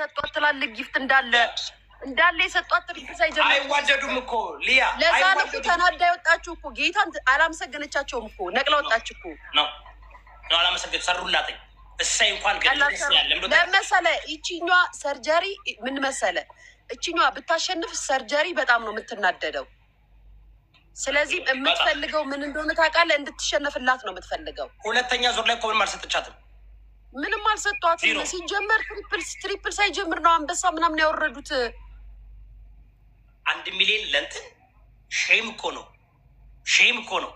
ሰጧት ትላልቅ ጊፍት እንዳለ እንዳለ የሰጧት አይዋደዱም እኮ ሊያ። ለዛ ነው ተናዳ የወጣችሁ እኮ አላመሰገነቻቸውም እኮ ነቅላ ወጣችሁ እኮ ነው ነው አላመሰገን ሰሩላትኝ። እንኳን ሰርጀሪ ምን መሰለ ብታሸንፍ ሰርጀሪ በጣም ነው የምትናደደው። ስለዚህ የምትፈልገው ምን እንደሆነ ታውቃለህ፣ እንድትሸነፍላት ነው የምትፈልገው። ሁለተኛ ዙር ላይ እኮ ምንም አልሰጠቻትም ምንም አልሰጧትም። ሲጀመር ትሪፕል ሳይጀምር ነው አንበሳ ምናምን ያወረዱት። አንድ ሚሊዮን ለእንትን ሼም እኮ ነው ሼም እኮ ነው።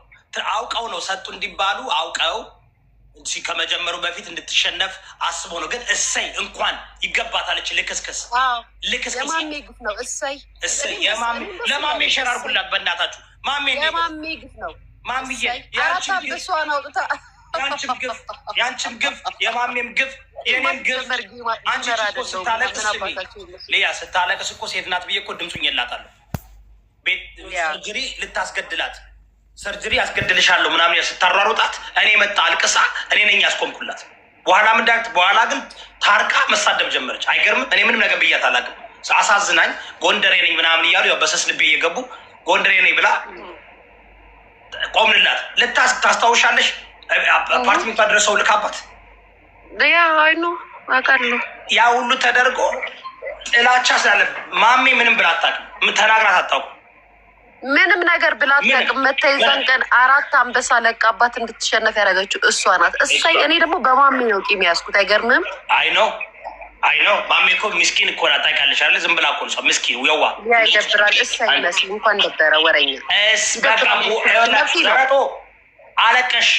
አውቀው ነው ሰጡ እንዲባሉ አውቀው ከመጀመሩ በፊት እንድትሸነፍ አስቦ ነው። ግን እሰይ እንኳን ይገባታለች። ልክስክስ ልክስክስ ነው። እሰይ እሰይ ለማሜ ሸራርጉላት በእናታችሁ ማሜ ማሜ ግፍ ነው ማሜ አራት አንበሷን አውጥታ የአንቺም ግፍ የአንቺም ግፍ የማሜም ግፍ የኔም ግፍ። አንቺ እኮ ስታለቅስ ልያ ስታለቅስ እኮ ሴት ናት ብዬ እኮ ድምፁኝ የላታለሁ። ሰርጅሪ ልታስገድላት ሰርጅሪ ያስገድልሻለሁ ምናምን ስታሯሩጣት እኔ መጣ አልቅሳ እኔ ነኝ ያስቆምኩላት። በኋላ ምንዳት በኋላ ግን ታርቃ መሳደብ ጀመረች። አይገርምም? እኔ ምንም ነገር ብያት አላውቅም። አሳዝናኝ ጎንደሬ ነኝ ምናምን እያሉ በሰስ ልቤ እየገቡ ጎንደሬ ነኝ ብላ ቆምንላት። ልታስታውሻለሽ አፓርትመንቷ ድረሰው ልካባት ያ አይኑ አውቃለሁ። ያ ሁሉ ተደርጎ ጥላቻ ስላለ ማሜ ምንም ብላ አታውቅም፣ ተናግራት አታውቅም። ምንም ነገር ብላ አታውቅም። መተይዘን ቀን አራት አንበሳ ለቃባት እንድትሸነፍ ያደረገችው እሷ ናት። እሳይ እኔ ደግሞ በማሜ ነው ቂም ያዝኩት። አይገርምም? አይ ነው አይ ነው። ማሜ እኮ ምስኪን እኮ ናት። ታውቂያለሽ አይደል? ዝም ብላ እኮ ነው እሷ ምስኪን የዋ ያይደብራል። እሳይ ይመስል እንኳን ደበረ ወረኛ እስ በቃ አለቀሽ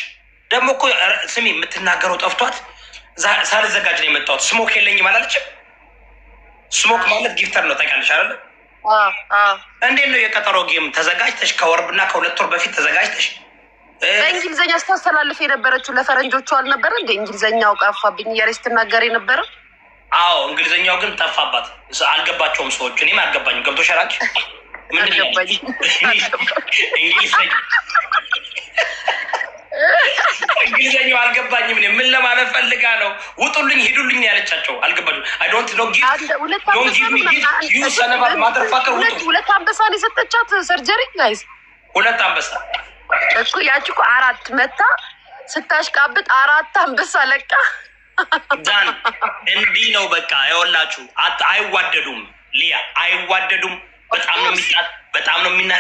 ደግሞ እኮ ስሚ የምትናገረው ጠፍቷት ሳልዘጋጅ ነው የመጣሁት። ስሞክ የለኝም አላለችም። ስሞክ ማለት ጊፍተር ነው ታውቂያለሽ አይደለ? እንዴት ነው የቀጠሮ ጌም ተዘጋጅተሽ ከወርብና ከሁለት ወር በፊት ተዘጋጅተሽ በእንግሊዝኛ ስታስተላልፍ የነበረችው ለፈረንጆቹ አልነበረ እንደ እንግሊዝኛው ቀፋብኝ እያለች ስትናገር የነበረ አዎ፣ እንግሊዝኛው ግን ጠፋባት። አልገባቸውም ሰዎች፣ እኔም አልገባኝም። ገብቶ ሸራች ምንድን ነው እንግሊዝኛ እንግሊዝኛው አልገባኝም። ምን ለማለት ፈልጋ ነው? ውጡልኝ፣ ሂዱልኝ ያለቻቸው አልገባኝም። አይ ዶንት ኖ ሁለት አንበሳ ነው የሰጠቻት ሰርጀሪ ጋይስ፣ ሁለት አንበሳ እኮ ያቺ እኮ አራት መታ ስታሽቃብጥ አራት አንበሳ ለቃ ዳን። እንዲህ ነው በቃ። ይኸውላችሁ አይዋደዱም፣ ሊያ አይዋደዱም። በጣም ነው የሚጣ በጣም ነው የሚና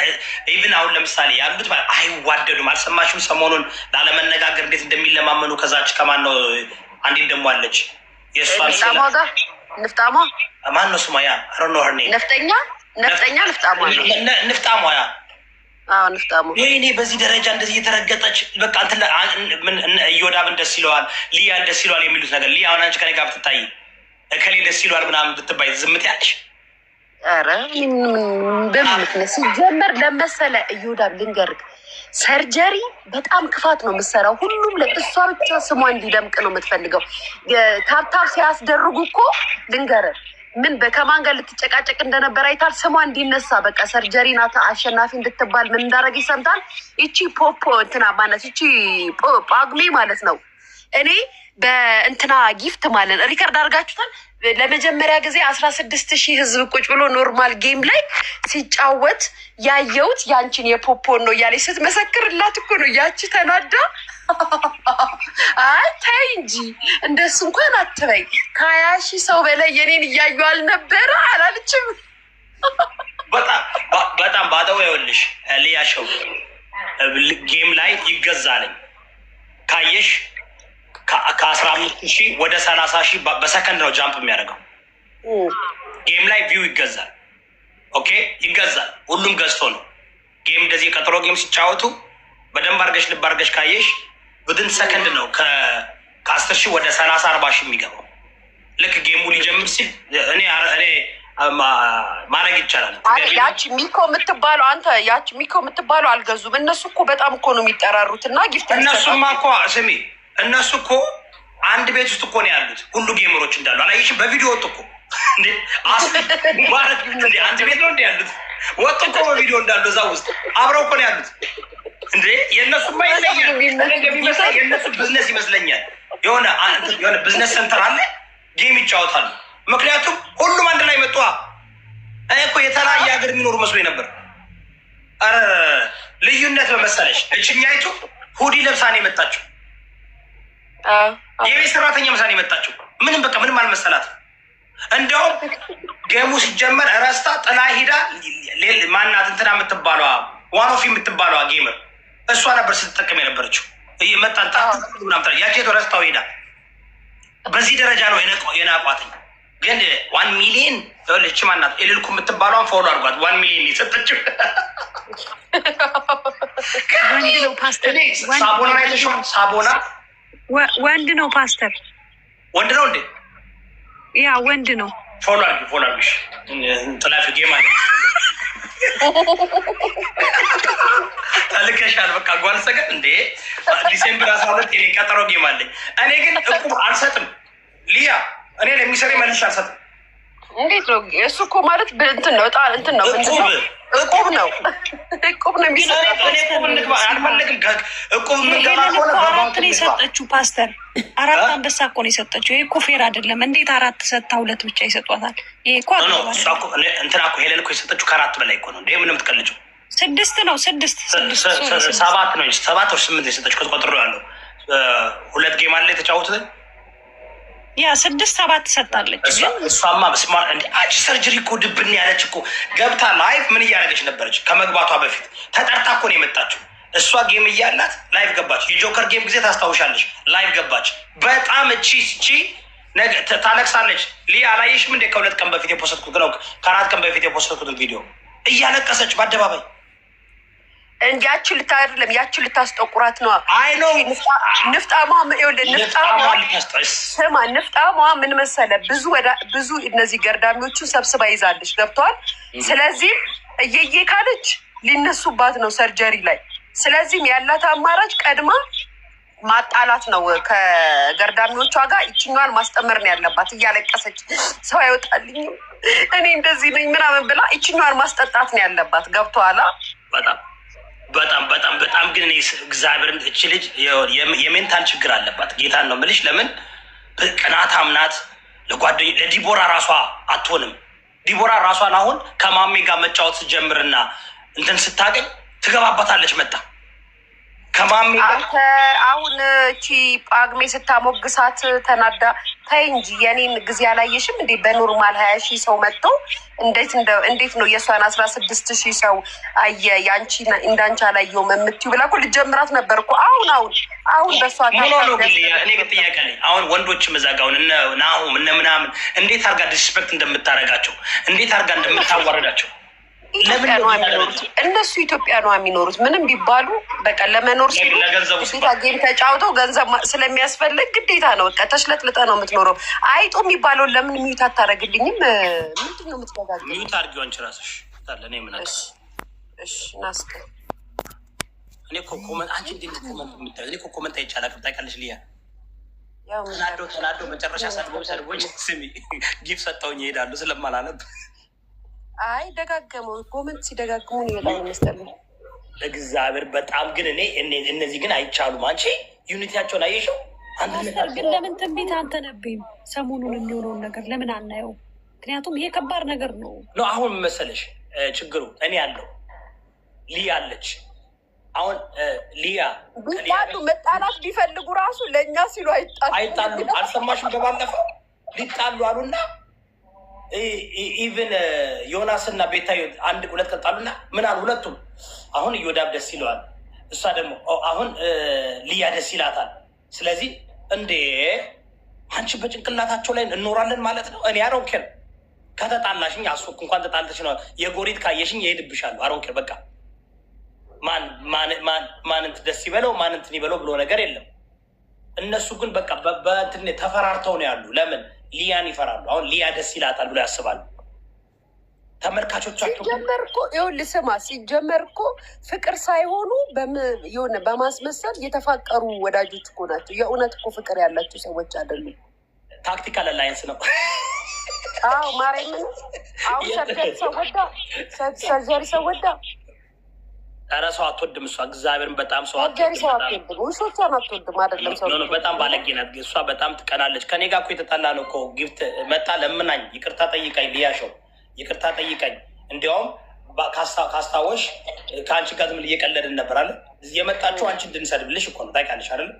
ኢቭን አሁን ለምሳሌ ያሉት አይዋደዱም። አልሰማሽም? ሰሞኑን ላለመነጋገር እንዴት እንደሚለማመኑ ከዛች ከማን ነው አንዴት ደግሞ አለች የእሷን ንፍጣሟ ማን ነው ስሟ? ያ ረኖ ርኔ ነፍጠኛ ነፍጠኛ ንፍጣሟ ንፍጣሟ ያ ንፍጣሙ ወይኔ በዚህ ደረጃ እንደዚህ እየተረገጠች በቃ እዮዳብን ደስ ይለዋል፣ ሊያን ደስ ይለዋል የሚሉት ነገር ሊያ አሁን አንቺ ከኔ ጋር ብትታይ እከሌ ደስ ይለዋል ምናምን ብትባይ ዝምት ያለሽ ኧረ በምክንያት ሲጀመር ለመሰለ እዮዳብ ልንገርግ ሰርጀሪ በጣም ክፋት ነው የምትሰራው። ሁሉም ለእሷ ብቻ ስሟ እንዲደምቅ ነው የምትፈልገው። ታብታብ ሲያስደርጉ እኮ ልንገርህ ምን በከማን ጋር ልትጨቃጨቅ እንደነበር አይታል። ስሟ እንዲነሳ በቃ ሰርጀሪ ናት አሸናፊ እንድትባል ምን እንዳደረግ ይሰምታል። ይቺ ፖፖ እንትና ማነት ይቺ ጳጉሜ ማለት ነው እኔ በእንትና ጊፍት ማለት ሪከርድ አድርጋችሁታል። ለመጀመሪያ ጊዜ አስራ ስድስት ሺህ ህዝብ ቁጭ ብሎ ኖርማል ጌም ላይ ሲጫወት ያየሁት ያንቺን የፖፖን ነው እያለች ስትመሰክርላት እኮ ነው ያቺ ተናዳ። አይ ተይ እንጂ እንደሱ እንኳን አትበይ። ከሀያ ሺህ ሰው በላይ የኔን እያዩ አልነበረ አላለችም። በጣም በጣም ባጠው ይኸውልሽ፣ ሊያሸው ጌም ላይ ይገዛልኝ ካየሽ ከአስራ አምስት ሺህ ወደ ሰላሳ ሺህ በሰከንድ ነው ጃምፕ የሚያደርገው። ጌም ላይ ቪው ይገዛል። ኦኬ ይገዛል። ሁሉም ገዝቶ ነው ጌም እንደዚህ ቀጥሎ ጌም ሲጫወቱ በደንብ አርገሽ ልብ አርገሽ ካየሽ ብድን ሰከንድ ነው ከአስር ሺህ ወደ ሰላሳ አርባ ሺህ የሚገባው። ልክ ጌሙ ሊጀምር ሲል እኔ እኔ ማድረግ ይቻላል። ያች ሚኮ የምትባለው አንተ ያች ሚኮ የምትባለው አልገዙም። እነሱ እኮ በጣም እኮ ነው የሚጠራሩት እና ጊፍት እነሱማ እኮ ስሜ እነሱ እኮ አንድ ቤት ውስጥ እኮ ነው ያሉት። ሁሉ ጌመሮች እንዳሉ አላየሽም? በቪዲዮ ወጡ እኮ ሙባረክ እንደ አንድ ቤት ነው እንደ ያሉት ወጡ እኮ በቪዲዮ እንዳሉ እዛ ውስጥ አብረው እኮ ነው ያሉት። እንዴ የእነሱ ይለኛል የእነሱ ብዝነስ ይመስለኛል። የሆነ የሆነ ብዝነስ ሰንተር አለ፣ ጌም ይጫወታሉ። ምክንያቱም ሁሉም አንድ ላይ መጡ እኮ የተለያየ ሀገር የሚኖሩ መስሎኝ ነበር። ልዩነት በመሰለሽ እችኛይቱ ሁዲ ለብሳኔ የመጣችው የቤት ሰራተኛ መሳን የመጣችው ምንም በቃ ምንም አልመሰላትም። እንደውም ገሙ ሲጀመር ረስታ ጥላ ሂዳ ማናት እንትና የምትባለዋ ዋኖፊ የምትባለዋ ጌምር እሷ ነበር ስትጠቀም የነበረችው መጣጣ ያቼቶ ረስታው ሄዳ በዚህ ደረጃ ነው የናቋትኝ። ግን ዋን ሚሊየን ልች ማናት የሌልኩ የምትባለዋን ፎሎ አድርጓት ዋን ሚሊየን የሰጠችው ሳቦና ሳቦና ወንድ ነው ፓስተር፣ ወንድ ነው እንዴ? ያ ወንድ ነው። ፎሎ አድርጊ፣ ፎሎ አድርጊ። ጥላፊ ጌማ ተልከሻል። በቃ ጓል ሰገድ እንዴ! ዲሴምበር አስራ ሁለት የኔ ቀጠሮ ጌማ አለኝ። እኔ ግን እቁብ አልሰጥም ሊያ። እኔ ለሚሰሪ መልሽ አልሰጥም። እንዴት ነው እሱ? እኮ ማለት እንትን ነው፣ ጣ እንትን ነው፣ እቁብ ነው፣ እቁብ ነው የሚሰራ። እቁብ እንግባ አልፈልግም። እቁብ ምንገባ ከሆነ የሰጠችው ፓስተር አራት አንበሳ እኮ ነው የሰጠችው። ይሄ እኮ ፌር አይደለም። እንዴት አራት ሰጥታ ሁለት ብቻ ይሰጧታል? ይሄ እኮ እንትና እኮ ሄለን እኮ የሰጠችው ከአራት በላይ እኮ ነው። እንደ ምን የምትቀልጭው? ስድስት ነው ስድስት ሰባት ነው ሰባት ወር ስምንት የሰጠች ከቆጥሮ ያለው ሁለት ጌማ ላይ የተጫወቱትን ያ ስድስት ሰባት ትሰጣለች። እሷማ ስማ አጭ ሰርጀሪ እኮ ድብን ያለች እኮ ገብታ ላይፍ ምን እያደረገች ነበረች? ከመግባቷ በፊት ተጠርታ እኮ ነው የመጣችው እሷ ጌም እያላት ላይፍ ገባች። የጆከር ጌም ጊዜ ታስታውሻለች። ላይፍ ገባች። በጣም እቺ ስቺ ታለቅሳለች። ሊያ አላየሽም እንዴ? ከሁለት ቀን በፊት የፖስትኩት ነው ከአራት ቀን በፊት የፖስትኩትን ቪዲዮ እያለቀሰች በአደባባይ እንጂ ልታ ልታደለም ያችን ልታስጠቁራት ነዋ። አይ ነው ንፍጣማ ስማ፣ ምን መሰለ ብዙ ብዙ እነዚህ ገርዳሚዎቹን ሰብስባ ይዛለች። ገብተዋል። ስለዚህም እየዬ ካለች ሊነሱባት ነው ሰርጀሪ ላይ ስለዚህም ያላት አማራጭ ቀድማ ማጣላት ነው። ከገርዳሚዎቿ ጋር ይችኛዋን ማስጠመር ነው ያለባት። እያለቀሰች ሰው አይወጣልኝም እኔ እንደዚህ ነኝ ምናምን ብላ ይችኛዋን ማስጠጣት ነው ያለባት። ገብቶሃል? በጣም በጣም በጣም በጣም ግን እኔ እግዚአብሔርን እች ልጅ የሜንታል ችግር አለባት። ጌታን ነው የምልሽ። ለምን ቅናት አምናት ለጓደኛ ለዲቦራ ራሷ አትሆንም። ዲቦራ ራሷን አሁን ከማሜ ጋር መጫወት ስጀምርና እንትን ስታገኝ ትገባበታለች መጣ ከማሚ አንተ አሁን እቺ ጳጉሜ ስታሞግሳት ተናዳ ታይ እንጂ የኔን ጊዜ አላየሽም እንዴ? በኖርማል ሀያ ሺህ ሰው መጥቶ እንዴት እንዴት ነው የእሷን አስራ ስድስት ሺህ ሰው አየ ያንቺ እንዳንቺ አላየውም የምትይው ብላ እኮ ልጀምራት ነበር እኮ አሁን አሁን አሁን በእሷ እኔ ግን ጥያቄ ነኝ። አሁን ወንዶች እዛ አሁን እነ ናሁም እነ ምናምን እንዴት አርጋ ዲስፔክት እንደምታረጋቸው እንዴት አርጋ እንደምታዋረዳቸው እነሱ ኢትዮጵያ ነው የሚኖሩት። ምንም ቢባሉ በቃ ለመኖር ሲሉ ጌም ተጫውተው ገንዘብ ስለሚያስፈልግ ግዴታ ነው። በቃ ተሽለጥልጠ ነው የምትኖረው። አይጦ የሚባለውን ለምን ሚዩት አታደርግልኝም? ምንድን ነው የምትደጋግሚው? ኮመንት ኮመንት የምታዩ? እኔ ተናዶ መጨረሻ ሰድቦች ስሚ ጊፍ ሰጠውኝ ይሄዳሉ ስለማላነብ አይ ደጋገመው፣ ጎመንት ሲደጋግሙ ነው በጣም የሚመስለው። እግዚአብሔር በጣም ግን እኔ እነዚህ ግን አይቻሉም። አንቺ ዩኒቲያቸውን አየሽው። ግን ለምን ትንቢት አንተነብይም? ሰሞኑን የሚሆነውን ነገር ለምን አናየው? ምክንያቱም ይሄ ከባድ ነገር ነው። ነው አሁን መሰለሽ ችግሩ እኔ ያለው ሊያ አለች። አሁን ሊያ ቢጣሉ መጣላት ቢፈልጉ ራሱ ለእኛ ሲሉ አይጣሉ አይጣሉ። አልሰማሽም? በባለፈው ሊጣሉ አሉና ኢቨን ዮናስና ቤታዮ አንድ ሁለት ቀጣሉና ምናል ሁለቱም አሁን እዮዳብ ደስ ይለዋል፣ እሷ ደግሞ አሁን ልያ ደስ ይላታል። ስለዚህ እንዴ አንቺ በጭንቅላታቸው ላይ እኖራለን ማለት ነው። እኔ አሮንኬር ከተጣላሽኝ አስወቅ እንኳን ተጣልተሽ ነው የጎሪት ካየሽኝ ይሄድብሻለሁ። አሮንኬር በቃ ማንንት ደስ ይበለው ማንንትን ይበለው ብሎ ነገር የለም። እነሱ ግን በቃ በትን ተፈራርተው ነው ያሉ ለምን ሊያን ይፈራሉ። አሁን ሊያ ደስ ይላታል ብሎ ያስባሉ ተመልካቾቻቸው። ሲጀመር እኮ ይኸውልህ ስማ፣ ሲጀመር እኮ ፍቅር ሳይሆኑ የሆነ በማስመሰል የተፋቀሩ ወዳጆች እኮ ናቸው። የእውነት እኮ ፍቅር ያላቸው ሰዎች አይደሉም። ታክቲካል አላይንስ ነው። አዎ ማርያምን፣ አሁን ሰርጀሪ ሰወዳ ሰርጀሪ ሰወዳ ኧረ ሰው አትወድም እሷ እግዚአብሔርን በጣም ሰው አትወድም። በጣም ባለጌ ናት እሷ በጣም ትቀናለች። ከኔ ጋር እኮ የተጣላ ነው እኮ ጊፍት መጣ ለምናኝ ይቅርታ ጠይቀኝ ልያሸው ይቅርታ ጠይቀኝ እንዲያውም ካስታወሽ ከአንቺ ጋር ዝም እየቀለድን ነበር አለ የመጣችው አንቺ እንድንሰድብልሽ እኮ ነው። ታውቂያለሽ አይደለ?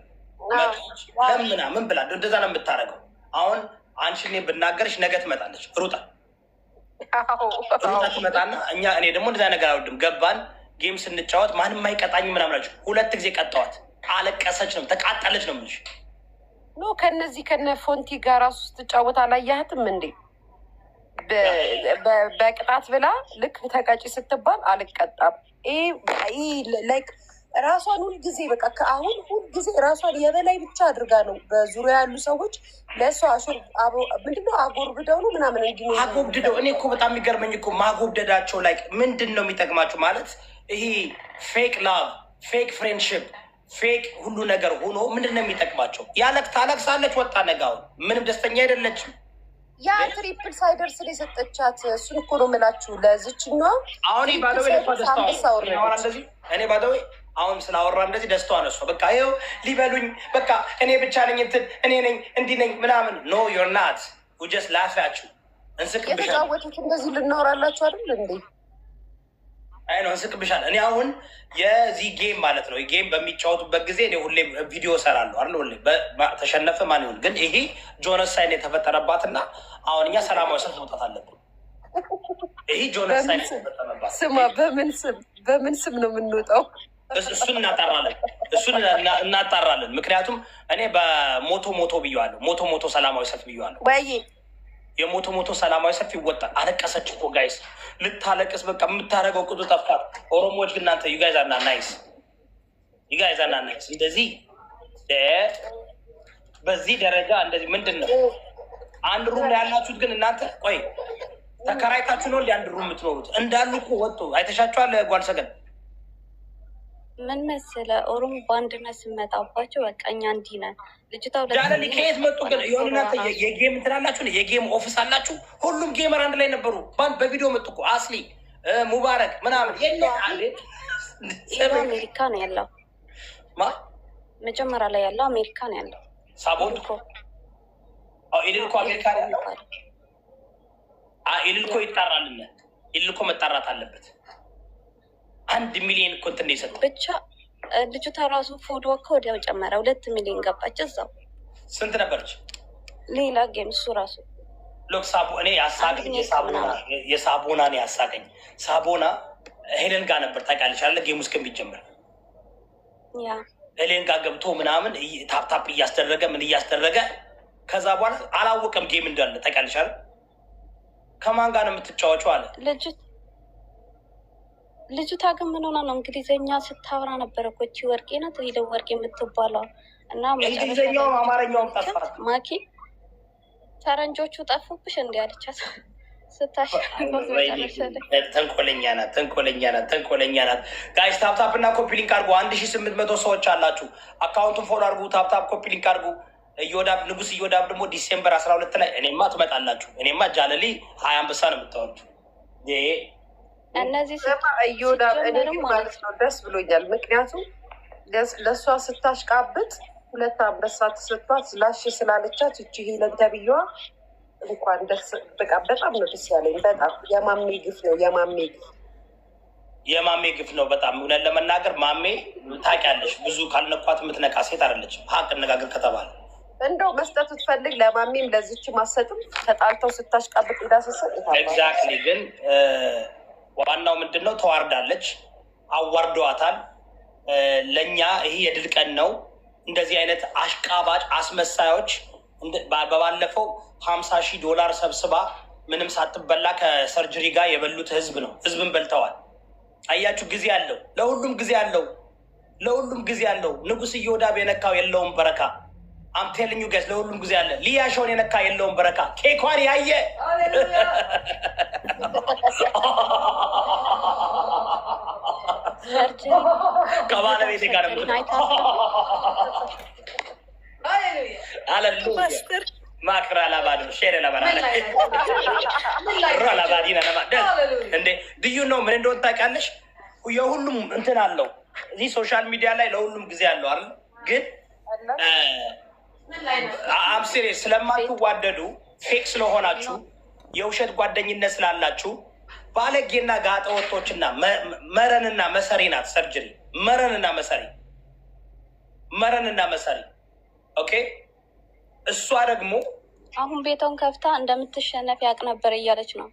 ለምና ምን ብላ እንደዛ ነው የምታደርገው። አሁን አንቺ እኔ ብናገርሽ ነገ ትመጣለች ሩጣ ሩጣ ትመጣና እኛ እኔ ደግሞ እንደዛ ነገር አልወድም ገባን ጌም ስንጫወት ማንም አይቀጣኝ ምናምናቸው። ሁለት ጊዜ ቀጠዋት። አለቀሰች ነው ተቃጠለች ነው ምንሽ ኖ ከነዚህ ከነ ፎንቲ ጋር ራሱ ስትጫወት አላያህትም እንዴ? በቅጣት ብላ ልክ ተቀጪ ስትባል አልቀጣም። ላይክ ራሷን ሁልጊዜ በቃ ከአሁን ሁልጊዜ ራሷን የበላይ ብቻ አድርጋ ነው በዙሪያ ያሉ ሰዎች ለእሷ ምንድነው አጎርብደው ነው ምናምን እንዲ አጎብድደው። እኔ እኮ በጣም የሚገርመኝ እኮ ማጎብደዳቸው ላይ ምንድን ነው የሚጠቅማቸው ማለት ይሄ ፌክ ላቭ፣ ፌክ ፍሬንድሽፕ፣ ፌክ ሁሉ ነገር ሆኖ ምንድን ነው የሚጠቅማቸው? ያለቅታ አለቅሳለች። ወጣ ነጋው ምንም ደስተኛ አይደለችም። ያ ትሪፕል ሳይደር ስል የሰጠቻት እሱን እኮ ነው ምላችሁ ለዝችኛ አሁን ባደወ ደስታዋራ እንደዚህ እኔ ባደወ አሁን ስላወራ እንደዚህ ደስቶ አነሷ በቃ ይኸው ሊበሉኝ በቃ እኔ ብቻ ነኝ እንትን እኔ ነኝ እንዲህ ነኝ ምናምን ኖ ዮር ናት ውጀስ ላፊያችሁ እንስቅብሻ የተጫወቱት እንደዚህ ልናወራላችሁ አይደል እንዴ አይ ነው እስቅብሻለሁ። እኔ አሁን የዚህ ጌም ማለት ነው ጌም በሚጫወቱበት ጊዜ እኔ ሁሌ ቪዲዮ እሰራለሁ አይደል? ሁሌ ተሸነፈ ማን ይሁን ግን ይሄ ጆኖሳይድ የተፈጠረባትና አሁን እኛ ሰላማዊ ሰልፍ መውጣት አለብን። ይሄ ጆኖሳይድ የተፈጠረባት ስማ፣ በምን ስም በምን ስም ነው የምንወጣው? እሱን እናጣራለን፣ እሱን እናጣራለን። ምክንያቱም እኔ በሞቶ ሞቶ ብያለሁ፣ ሞቶ ሞቶ ሰላማዊ ሰልፍ ብያለሁ ወይ የሞቶ ሞቶ ሰላማዊ ሰልፍ ይወጣል። አለቀሰች እኮ ጋይስ፣ ልታለቅስ በቃ የምታደርገው ቅጡ ጠፍታት። ኦሮሞዎች ግን እናንተ ዩጋይዛና ናይስ ዩጋይዛና ናይስ እንደዚህ በዚህ ደረጃ እንደዚህ ምንድን ነው? አንድ ሩም ላይ ያላችሁት ግን እናንተ ቆይ ተከራይታችሁ ነው እንዲ አንድ ሩም የምትኖሩት? እንዳሉ እኮ ወጡ። አይተሻቸዋል ጓልሰገን ምን መስለ ኦሮሞ በአንድነት ስመጣባቸው በቃ እኛ እንዲህ ነን። ልጅቷ ከየት መጡ ግን? የሆንናተ የጌም እንትን አላችሁ፣ የጌም ኦፊስ አላችሁ። ሁሉም ጌመር አንድ ላይ ነበሩ። ባንድ በቪዲዮ መጡ እኮ አስሊ ሙባረክ ምናምን። አሜሪካ ነው ያለው፣ መጀመሪያ ላይ ያለው አሜሪካ ነው ያለው። ሳቦን ኢድል አሜሪካ ነው ያለው። ኢልልኮ እኮ ይጣራል። ኢድል መጣራት አለበት። አንድ ሚሊዮን እኮ እንትን ነው የሰጠው። ብቻ ልጅቷ ራሱ ፉድ ወካ ወዲያው ጨመረ። ሁለት ሚሊዮን ገባች እዛው። ስንት ነበረች? ሌላ ጌም እሱ ራሱ ሎክ ሳቦ እኔ ያሳገኝ የሳቦና ነው ያሳገኝ። ሳቦና ሄለን ጋር ነበር ታውቂያለሽ አለ ጌም ውስጥ ከሚጀምር ሄለን ጋር ገብቶ ምናምን ታፕታፕ እያስደረገ ምን እያስደረገ ከዛ በኋላ አላወቀም ጌም እንዳለ ታውቂያለሽ አለ ከማን ጋር ነው የምትጫወቹ አለ ልጅት ልጅቷ ግን ምን ሆና ነው እንግሊዝኛ ስታወራ ነበረ ኮቺ ይቺ ወርቄ ናት ይለው ወርቅ የምትባለው እና ማኪ ፈረንጆቹ ጠፉብሽ እንዲ አለቻት። ተንኮለኛ ናት፣ ተንኮለኛ ናት፣ ተንኮለኛ ናት። ጋይስ ታፕታፕ እና ኮፒሊንክ ሊንክ አድርጉ። አንድ ሺ ስምንት መቶ ሰዎች አላችሁ። አካውንቱን ፎሎ አድርጉ። ታፕታፕ ኮፒሊንክ ሊንክ አድርጉ። እዮዳብ ንጉስ እዮዳብ ደግሞ ዲሴምበር አስራ ሁለት ላይ እኔማ ትመጣላችሁ። እኔማ ጃለሊ ሀያ አንበሳ ነው የምታወሩት። እነዚህ እዮዳ ማለት ነው። ደስ ብሎኛል። ምክንያቱም ለእሷ ስታሽቃብጥ ሁለት አንበሳ ተሰጥቷት ላሽ ስላለቻት እቺ ሄለን ተብዬዋ እንኳን ደስ በቃ በጣም ነው ደስ ያለኝ። በጣም የማሜ ግፍ ነው የማሜ ግፍ የማሜ ግፍ ነው። በጣም እውነት ለመናገር ማሜ ታውቂያለሽ፣ ብዙ ካልነኳት የምትነቃ ሴት አይደለችም። ሀቅ እነጋገር ከተባለ እንደው መስጠት ትፈልግ ለማሜም ለዚች ማሰጥም ተጣልተው ስታሽቃብጥ እንዳሰሰ ግን ዋናው ምንድን ነው? ተዋርዳለች፣ አዋርደዋታል። ለእኛ ይሄ የድል ቀን ነው። እንደዚህ አይነት አሽቃባጭ አስመሳዮች በባለፈው ሀምሳ ሺህ ዶላር ሰብስባ ምንም ሳትበላ ከሰርጀሪ ጋር የበሉት ህዝብ ነው። ህዝብን በልተዋል። አያችሁ፣ ጊዜ አለው። ለሁሉም ጊዜ አለው። ለሁሉም ጊዜ አለው። ንጉሥ እየወዳብ የነካው የለውም በረካ አምቴልኙ ገስ ለሁሉም ጊዜ አለ። ሊያሾን የነካ የለውም በረካ። ኬኳን ያየ ከባለቤቴ ጋር ማክራ ሼር እንዴ ድዩ ነው። ምን ታውቂያለሽ? የሁሉም እንትን አለው እዚህ ሶሻል ሚዲያ ላይ ለሁሉም ጊዜ አለው አይደል ግን አብሴሬ ስለማትዋደዱ ፌክ ስለሆናችሁ የውሸት ጓደኝነት ስላላችሁ ባለጌና ጋጠ መረንና መሰሪ ናት። ሰርጅሪ መረንና መሰሪ መረንና መሰሪ ኦኬ። እሷ ደግሞ አሁን ቤተውን ከፍታ እንደምትሸነፍ ያቅ ነበር እያለች ነው።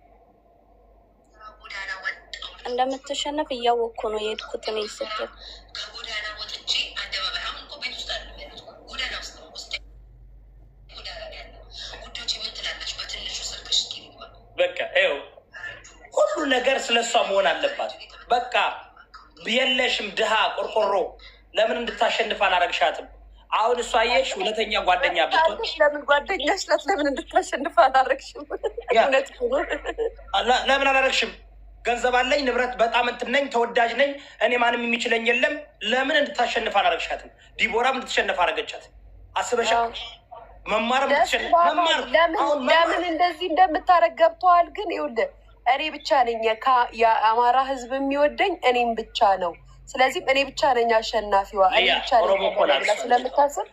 እንደምትሸነፍ እያወቅኩ ነው የሄድኩትን ስትል። ስለ እሷ መሆን አለባት። በቃ የለሽም ድሃ ቆርቆሮ ለምን እንድታሸንፍ አላረግሻትም? አሁን እሷ አየሽ እውነተኛ ጓደኛ ብትሆን ለምን ጓደኛሽ ናት? ለምን እንድታሸንፍ አላረግሽም? ለምን አላረግሽም? ገንዘብ አለኝ፣ ንብረት በጣም እንትን ነኝ፣ ተወዳጅ ነኝ፣ እኔ ማንም የሚችለኝ የለም። ለምን እንድታሸንፍ አላረግሻትም? ዲቦራም እንድትሸንፍ አረገቻት። አስበሻ መማር ለምን እንደዚህ እንደምታረግ ገብተዋል። ግን ይኸውልህ እኔ ብቻ ነኝ የአማራ ህዝብ የሚወደኝ እኔም ብቻ ነው። ስለዚህም እኔ ብቻ ነኝ አሸናፊዋ እኔ ብቻ ነኝ ስለምታስብ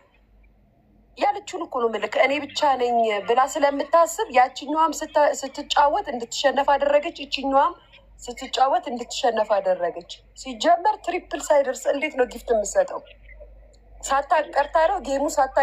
ያለችውን እኮ ነው ምልክ እኔ ብቻ ነኝ ብላ ስለምታስብ ያችኛዋም ስትጫወት እንድትሸነፍ አደረገች፣ ይችኛዋም ስትጫወት እንድትሸነፍ አደረገች። ሲጀመር ትሪፕል ሳይደርስ እንዴት ነው ጊፍት የምሰጠው? ሳታቀርታ ነው ጌሙ ሳታ